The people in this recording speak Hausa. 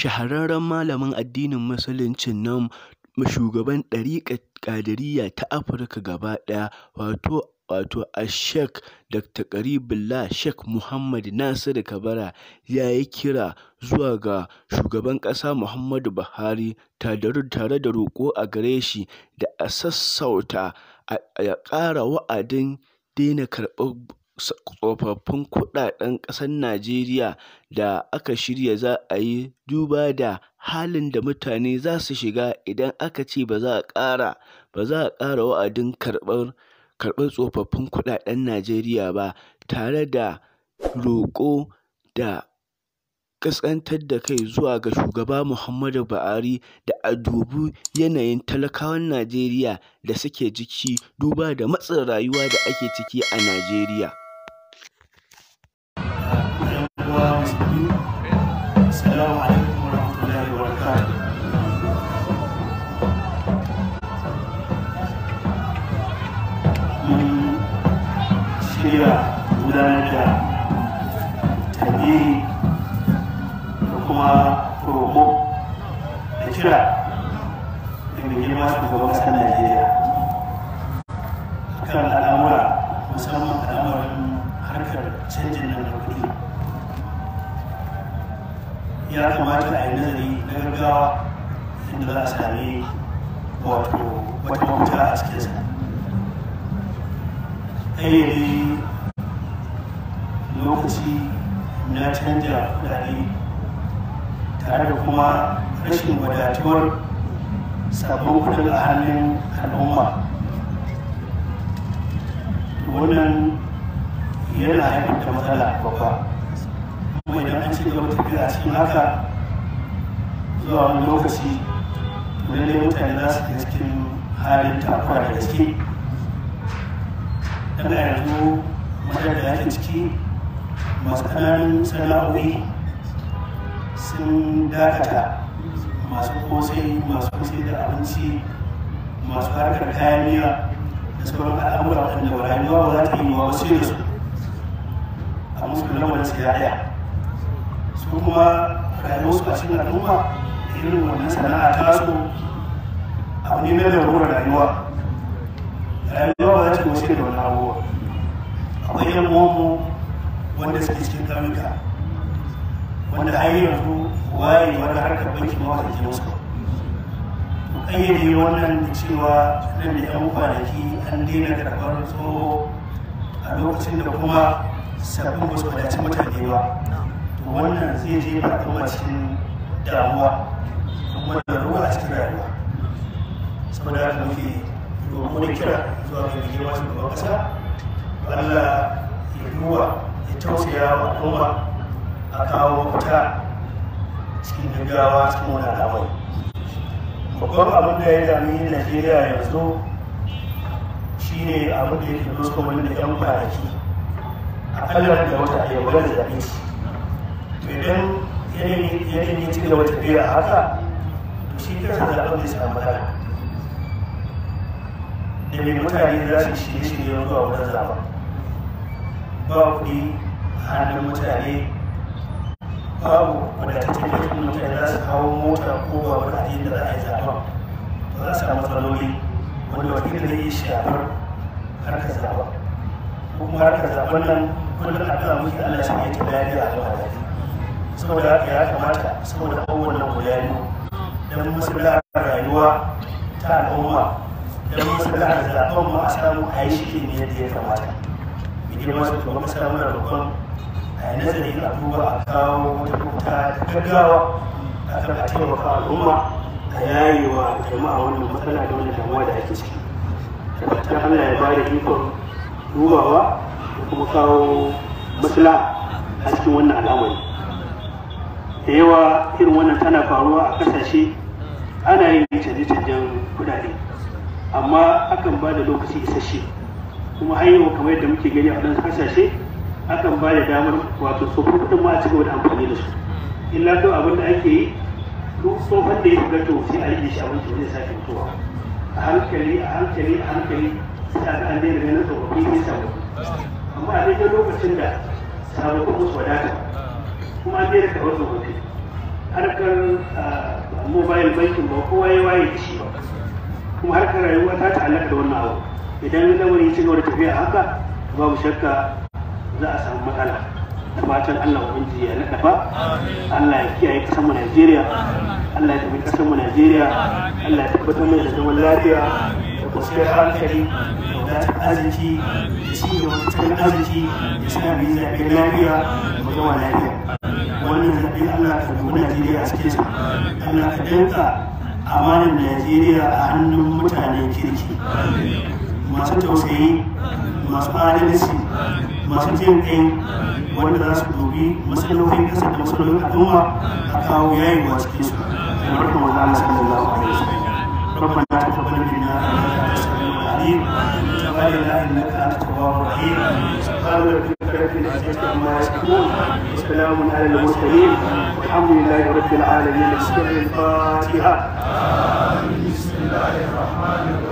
shahararren malamin addinin musuluncin nan shugaban ɗariƙar ƙadiriyya ta Afirka gaba ɗaya wato wato sheik Dr. Karibullah sheik Muhammad Nasir Kabara ya yi kira zuwa ga shugaban ƙasa Muhammadu Buhari tare da roƙo a gare shi da a sassauta a ƙara wa'adin daina karɓar tsofaffin kuɗaɗen ƙasar Najeriya da aka shirya za a yi duba da halin da mutane za su shiga idan aka ce ba za a ƙara wa'adin karɓar tsofaffin kuɗaɗen Najeriya ba, tare da roƙo da ƙasƙantar da kai zuwa ga Shugaba Muhammadu Buhari da a dubi yanayin talakawan Najeriya da suke jiki duba da matsin rayuwa da ake ciki a Najeriya. shirya gudanar da addini da kuma roƙo da kira daga girma shugaban ƙasar najeriya kan al'amura musamman al'amuran harkar canjin da kuɗi ya kamata a yi nazari na gaggawa inda za a sami wato wata mafita a cikinsa ayyari bayar tare da kuma rashin wadatuwar sabon kudin a hannun al'umma wannan yana haifar da matsala babba kuma idan an ci gaba tafiya a cikin haka zuwa wani lokaci lallai mutane za su cikin halin takura da gaske ana yanzu majar da ciki masu ƙananan sana'o'i sun dakata masu kosai masu kusa da abinci masu harkar kayan miya da sauran al'amura waɗanda ba rayuwa ba za ta yi wa wasu da su a musu lamarin siyaya su kuma su a cikin al'umma da irin wannan sana'a ta su abu ne na lalurar rayuwa rayuwa ba za ta wasu da wani abubuwa akwai yan uwanmu wanda suke cikin ƙauyuka wanda a yi yanzu waye wani harkar banki ma wata ke musu to ƙayyade wannan da cewa nan da yan kwanaki an daina karɓar tsoho a lokacin da kuma sabbin wasu wadatun mutane ba to wannan zai je ba kuma cikin damuwa kuma da ruwa a cikin rayuwa saboda haka muke domin wani kira zuwa ga girma shugaban ƙasa Allah ya duwa ya tausaya wa al'umma a kawo mafita cikin gaggawa cikin wani al'amari babban abin da ya dami najeriya yanzu shi ne abin da ya fi dosko wani da yan kwanaki a kallon da wata a yau da zaɓe shi idan yanayin yin cikin wata tafiya a haka to shi kansa zaɓen zai samun matsala da mai mutane za su shirye-shirye zuwa wani zaɓen ba kuɗi a hannun mutane babu wadatattun mutum mutane za su kawo mota ko babur a da za a yi zaɓen ba za su samu matsaloli wanda wakil zai iya shafar harkar zaɓen kuma harkar zaɓen nan kullum a kan muke Allah shi ne ta bayani a gaba da saboda haka ya kamata saboda abubuwan nan guda biyu don musulun rayuwa ta al'umma don musulun zaɓen ma a samu a yi shi ne yadda ya kamata girma da shugaban kasa muna roƙon a yi nazarin abubuwa a kawo wata kuta ta gaggawa a kan a taimaka al'umma a yayi wa jama'a wannan matsala da wannan damuwa da ake ciki da fatan allah ya bada ikon dubawa da kuma kawo matsala a cikin wannan al'amari da yawa irin wannan tana faruwa a kasashe ana yin canje-canjen kudade amma akan ba da lokaci isasshe kuma an yi kamar yadda muke gani a waɗansu hasashe akan ba da damar wato tsofin kuɗin ma a ci gaba da amfani da su in lato abin da ake yi duk tsofan da ya shiga to sai a rike shi abin da zai sake fitowa a hankali a hankali a hankali sai a ga an daina ganin tsofaffi sai samu amma a daidai lokacin da sababbin musu wadata kuma an daina karɓar tsofaffi harkar mobile banking ba kowa ya waye da shi ba kuma harkar rayuwa ta ta'allaka da wannan abu idan lamarin ya ci gaba da tafiya haka babu shakka za a samu matsala da fatan Allah ubangiji ya naɗafa Allah ya kiyaye kasar mu Najeriya Allah ya tafi kasar mu Najeriya Allah ya tabbatar mana da zaman lafiya da kwanciyar hankali da arziki da ci gaba tattalin arziki da suna biyu da lafiya da zama lafiya wannan zaɓi Allah ka dubi Najeriya a cikin sa Allah ka Najeriya a hannun mutanen kirki masu tausayi masu adalci masu jin kai wanda za su dubi matsalolin ƙasa da matsalolin al'umma a kawo yayewa cikin su kamar kuma za sanar da wani ربنا تقبل منا انك السميع العليم وتقبلنا انت التواب الرحيم سبحان ربك رب العزه عما يصفون وسلام على المرسلين والحمد لله رب العالمين السلام الفاتحه بسم الله الرحمن الرحيم